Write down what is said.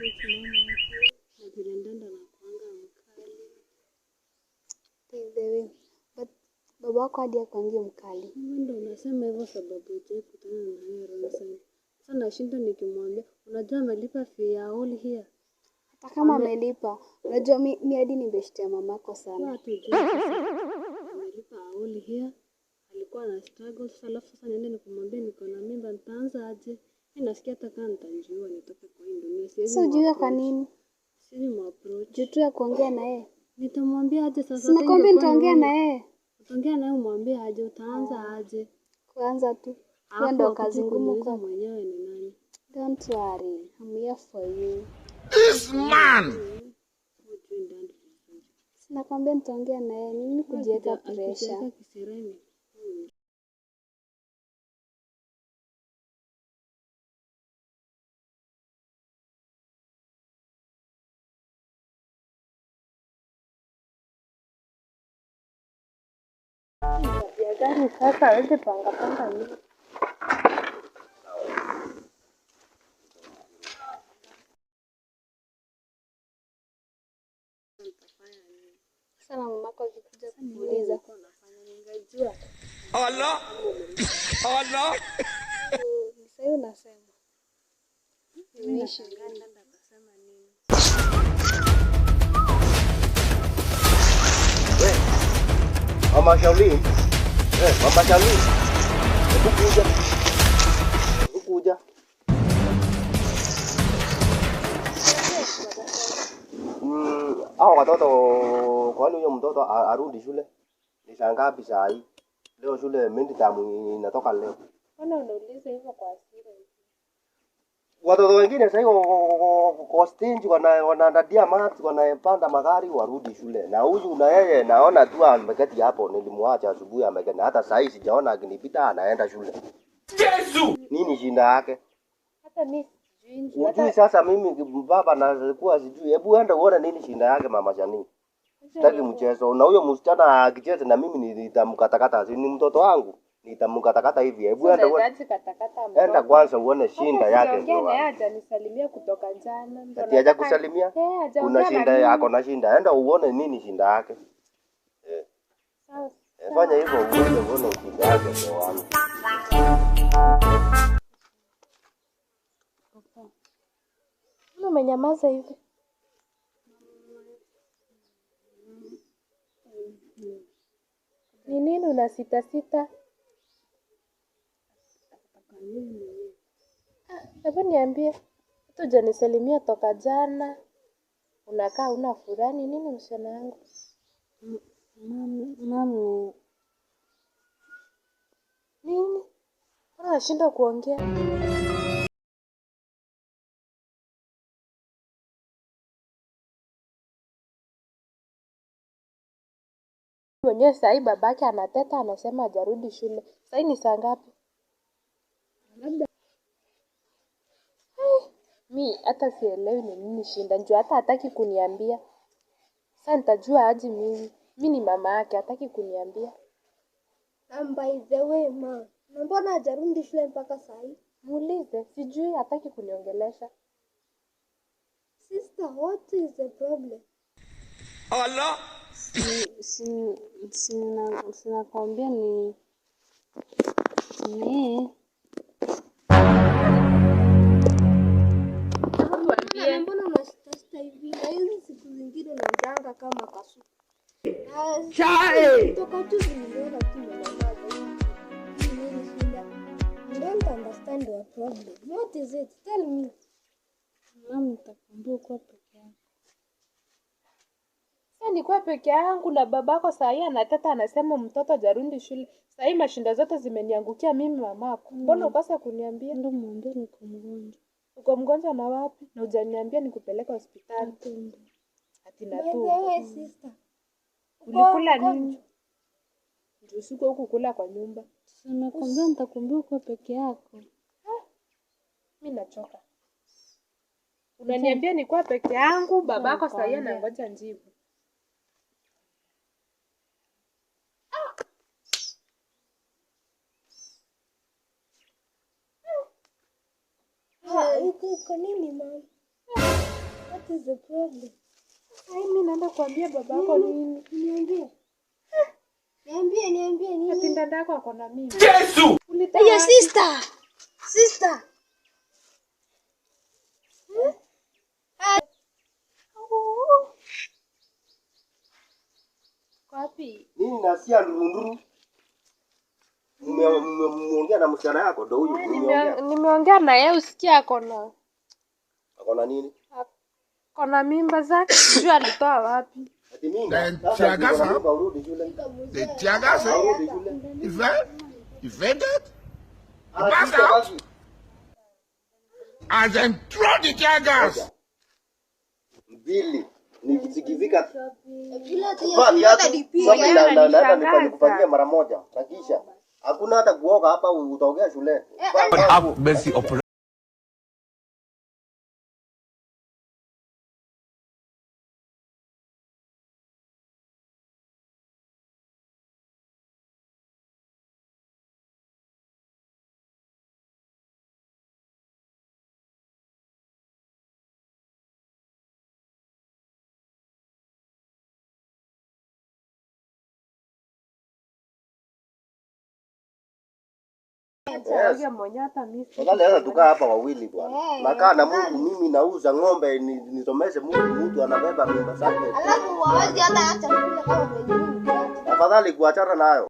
na vile ndanda anakuanga mkali take the way but baba wako hadi akuangia mkali. Ndio unasema hivyo sababu hujai kutana na hiyo Ronson. Sasa nashinda nikimwambia, unajua amelipa fee ya all here hata kama amelipa. Unajua mi, mi hadi nimeshtia mamako sana. Hatujui sasa amelipa all here, alikuwa na struggle. Sasa alafu sasa niende nikumwambie niko na mimba, nitaanza aje? nasikia taka nitajiua nitoke kwa hii dunia. Siwezi si kwa nini siwezi mwapproach juu tu ya kuongea na yeye. Nitamwambia aje sasa? Sina Sinakwambia nitaongea na yeye. Utaongea naye umwambie aje? Utaanza aje? Kuanza tu hiyo ndo kazi ngumu kwa mwenyewe ni nani? Don't worry, I'm here for you. This man. Sinakwambia nitaongea na yeye, mimi kujiweka pressure. Tabia gani sasa hawezi panga panga mimi. Sana mamako akikuja kuuliza Ala. Ala. Sasa unasema. Nimeishi Mama Shaolin. Eh, Mama Shaolin. Hebu kuja. Hebu kuja. Mm, hao watoto kwani huyo mtoto arudi shule? Ni saa ngapi saa hii? Leo shule mingi tamu inatoka leo. Mbona unauliza hivyo kwa hasira? watoto wengine sasa kwa stage wanaandadia maths wanapanda magari warudi shule, na huyu na yeye naona tu ameketi hapo. Nilimwacha asubuhi ameketi, hata saa sijaona akinipita anaenda shule. Yesu, nini shida yake? Hata mimi sijui Sasa mimi baba nalikuwa sijui, hebu enda uone nini shida yake mama Jani. Sitaki mchezo na huyo msichana akicheza na mimi nitamkatakata, ni mtoto wangu nitamkatakata hivi, hebu enda enda kwanza uone shinda yake, ndio nisalimia kutoka jana, ndio ati aja kusalimia. Kuna eh, shinda yako na shinda, enda uone nini shinda yake. Eh. Eh, fanya hivyo uone uone shinda yake, ndio wangu umenyamaza hivi ni nini sita nini? Hebu niambie, hata hujanisalimia toka jana. Unakaa una furani nini msichana yangu? Mami, nini? Mbona unashindwa kuongea? Mwenyewe sahii babake anateta anasema hajarudi shule. Sahii ni saa ngapi? labda mi hata sielewi ni nini shida juu hata hataki kuniambia sa nitajua aje mimi mi ni mama yake hataki kuniambia And by the way ma, na mbona shule mpaka sahii muulize sijui hataki kuniongelesha Sister, what is the problem? Allah. Si- si- sina- sinakwambia ni ni What don't understand your problem. What is it? Tell me. Mama, peke yangu. Sasa peke yangu na babako saa hii anateta, anasema mtoto jarundi shule. Saa hii mashinda zote zimeniangukia mimi mamako. Mm. Mbona ukose kuniambia? Ndio mwambie niko mgonjwa. Uko mgonjwa na wapi? Na hujaniambia nikupeleka hospitali. Ati tu. sister. Ulikula nini? tu, siko huku kula kwa nyumba. Nimekwambia nitakumbuka peke yako. Mimi ah, nachoka. Unaniambia ni kwa peke yangu, babako saa hii anangoja njibu. Ah! Ah! Uko mimi naenda kuambia babako nini? Niambie. Niambie, niambie nini? Ati ako na mimi. Yesu! Hiyo sister. Sister. Mimi nasikia Mmeongea na msichana yako ndo huyu. Nimeongea na yeye usikia ako na. Ako na nini? Ako na mimba zake. Sijui alitoa wapi then Tiagasa, they Tiagasa, event, evaded, passed and then threw the Tiagas. Mbili nikizikizika eh, yaani mara moja na kisha hakuna hata kuoga hapa, utaogea shuleni. Eh, Afadhali sasa tukaa hapa wawili bwana. Nakaa na Mungu mimi nauza ng'ombe nisomeshe Mungu mtu anabeba mimba zake. Alafu wawazi hata hata chakula kama Afadhali kuachana nayo.